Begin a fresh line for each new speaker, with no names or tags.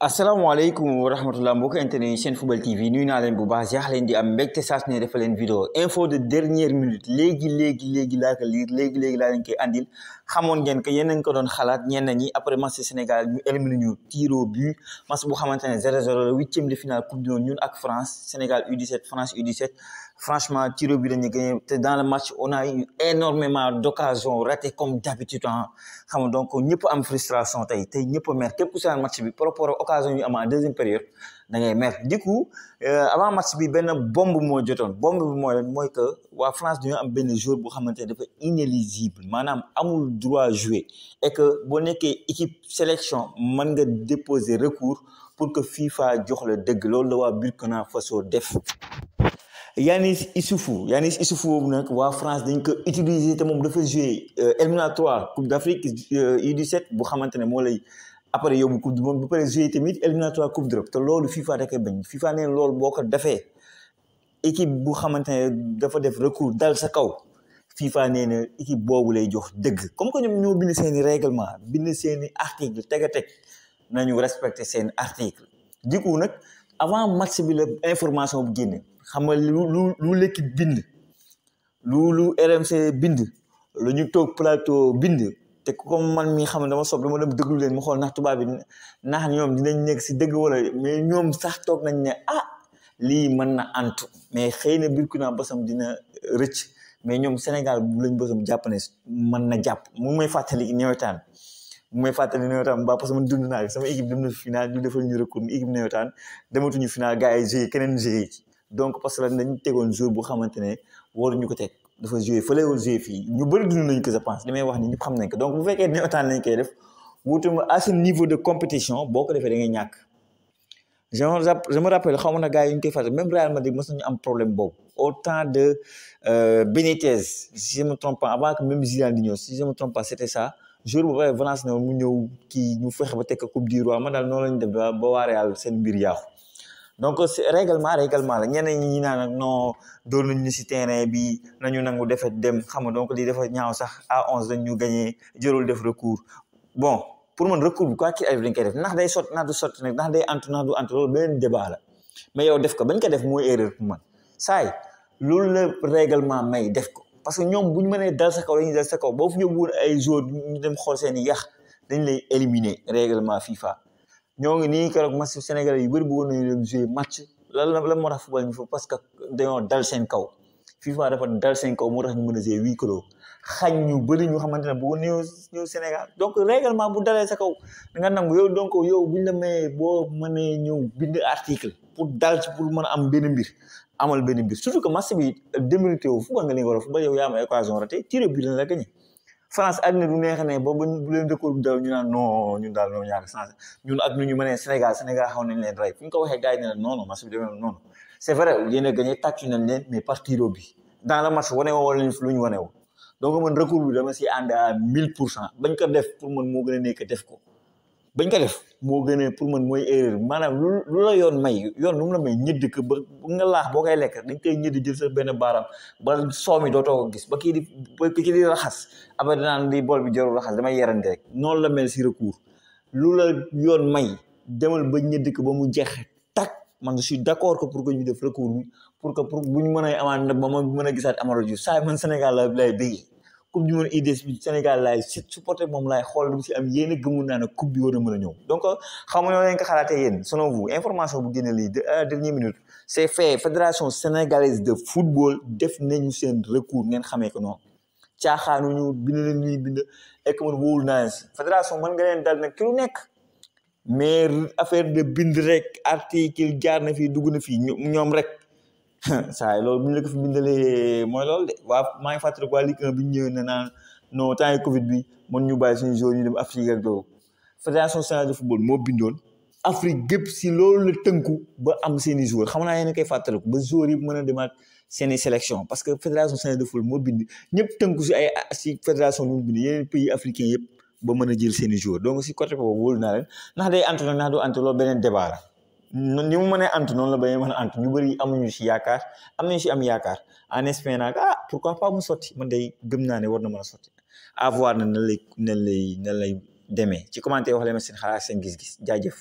asalaamaaleykum wa rahmatulah mbokk internet yi football TV nuyu na leen bu baax yaax leen di am mbégte saa né ne dafa vidéo info de dernière minute léegi léegi léegi la ko lire léegi léegi la leen koy andil xamone ngeen que yéen nañ ko don xalaat ñen ñi après match Sénégal ñu éliminé ñu tiro au but match bu xamante ne 0-0 8e de finale coupe du monde ñun ak France Sénégal U17 France U17 franchement tiro au but la gagné té dans le match on a eu énormément d'occasions ratées comme d'habitude ah hein. xam donc ñepp am frustration tay tay ñepp mer képp ku seen match bi par occasion yu am en deuxième période da ngay mer du coup euh, avant match bi benn bombe moo jotoon bombe bi mooy lan mooy que waa France dañoo am benn joueur boo xamante ne dafa inéligible maanaam amul droit jouer et que boo nekkee équipe sélection mën nga déposer recours pour que FIFA jox la dëgg loolu la waa Burkina Faso def. Yanis Issoufou Yanis Issoufou boobu nag waa France dañ ko utiliser te moom dafa jouer euh, éliminatoire Coupe d'Afrique U17 euh, bu xamante ne moo lay. après yóbbu coupe du monde ba pare joué tamit éliminatoire coupe d'Europe te loolu FIFA da koy bañ FIFA neen loolu boo ko defee équipe bu xamante ne dafa def recours dal sa kaw FIFA nee na équipe boobu lay jox dëgg comme que ñoom ñoo bind seeni règlement bind seeni article teg a teg nañu respecté seen article du nag avant match bi la information bu génne xam nga lu lu lu bind lu lu RMC bind lu ñu toog plateau bind te ko man mi xam ne dama soob dama dem déglu leen mu xool ndax tubaab bi ndax ñoom dinañ nekk si dëgg wala mais ñoom sax toog nañ ne ah lii man na antu mais xëy na naa Faso dina rëcc mais ñoom Sénégal bu lañ jàpp ne mën na jàpp mu may fàttali nawetaan mu may fàttali nawetaan ba parce que man dund naa sama équipe dem na final ñu defal ñu recours équipe nawetaan dematuñu final gars yi joué keneen joué donc parce que dañ tegoon jour bu xamante ne waruñu ko teg dafa joué fële wu joué fii ñu bëri dund nañ ko je pense li wax ni ñu xam nañ ko donc bu fekkee néewtaan lañ koy def wutuma à ce niveau de compétition boo ko defee da ngay ñàkk. je me je me rappelle xaw ma na gars yi ñu koy fàttali même Real Madrid mos nañu am problème boobu autant temps de euh, Benitez si je me trompe pas avant que même Zidane si je me trompe pas c' était ça jour bu baaxee Valence ne mu ñëw kii ñu fexe ba tekk coupe du roi man daal noonu lañ ñu def ba waa Real seen mbir yaaxu. donc réglement règlement la ñeneen ñi naan nag non doon nañu si terrain bi nañu nangu defet dem xam nga donc lii dafa ñaaw sax à onze dañ ñu gagné jërul def recours bon pour man recours bi quoi qu'il arrive koy def ndax day sotti ndax du sotti nag ndax day antu ndax mais yow def ko bañ ko def mooy erreur pour man saay loolu la règlement may def ko parce que ñoom bu ñu mënee dal sa kaw dañuy dal sa kaw boo fu yóbbuwoon ay joueurs ñu dem xool seen i yàq dañ lay éliminer règlement FIFA. ñoo ngi nii keroog massif sénégalais yu bëri bëggoon nañu dem jouer match la lan moo tax football ñu que dañoo dal seen kaw FIFA dafa dal seen kaw ñu mën a jouer xamante ne bëggoon ñëw ñëw Sénégal donc règlement bu dalee sa kaw da nga nangu yow donc yow buñ la mayee boo mënee ñëw bind article pour dal ci mën a am benn mbir amal benn mbir surtout que match bi démérité wu football nga leen war a football yow yaa am occasion raté tir but lañ la gagné France àddina du neex ne ba bu leen dëkkoor bu dara ñu naan non ñun daal ñoo ñàkk chance ñun ak nu ñu mënee Sénégal Sénégal xaw nañ leen rey fu ñu ko waxee gars yi ne non non match bi demee noonu a tàccu nañ leen mais par tiro bi dans le match wane woo leen lu ñu wane woo man recours bi dama si ànd à mille pour cent bañ ko def pour man moo gën a nekk def ko bañ ko def moo gën a pour man mooy erreur maanaam lu la yoon may yoon lu mu la may ñëdd ko ba nga laax boo koy lekk dañ koy ñëdd jël sa benn baaraam ba soomi dootoo ko gis ba kii di ba kii di raxas après dinaan li bool bi jarul raxas damay yerandi noonu la mel si recours lu la yoon may demal ba ñëdd ko ba mu jeex tak man je suis pour que ñu def recours bi pour que pour bu ñu mën a amaat nag ba ma mën a gisaat Amara saa man Sénégal la lay béyee coupe du monde IDS bi Sénégal laay si supporter moom laay xool lu si am yéen a gëmul naa ne coupe bi war a mën a ñëw donc euh, xamu noo leen ko xalaatee yéen selon vous information bu génne lii à la euh, dernière minute c'est fait fédération sénégalaise de football def nañu seen recours ngeen xamee ko noonu ñu bind leen ñuy bind ek man wóolu naa fédération mën nga leen dal nag ki lu nekk mais affaire de bind rek article jaar na fii dugg na fii ñoom rek saa loolu bu loolu de waa maa ngi fàttali waa Ligue 1 bi ñu ñëwee ne naan non temps yi Covid bi mën ñu bàyyi suñu joueurs ñu dem Afrique ak loolu fédération sénégalaise de football si loolu la tënku ba am seen i joueurs xam naa yéen a koy fàttaliku ba joueurs yi mën demaat seeni i parce que fédération sénégalaise de football moo bind ñëpp tënku si ay si fédération bi mu bind yeneen pays africains yëpp ba mën a jël seen jour donc si côté boobu wóolu naa leen ndax day entre nag ndax entre loolu beneen débat ni mu mënee ant noonu la bañee mën a antu ñu bëri amuñu si yaakaar am nañu si am yaakaar en espérant nag ah pourquoi pas mu sotti man day gëm naa ne war na mën a sotti à na na lay na lay na lay demee ci commentaire wax leen seen xalaat seen gis-gis jaajëf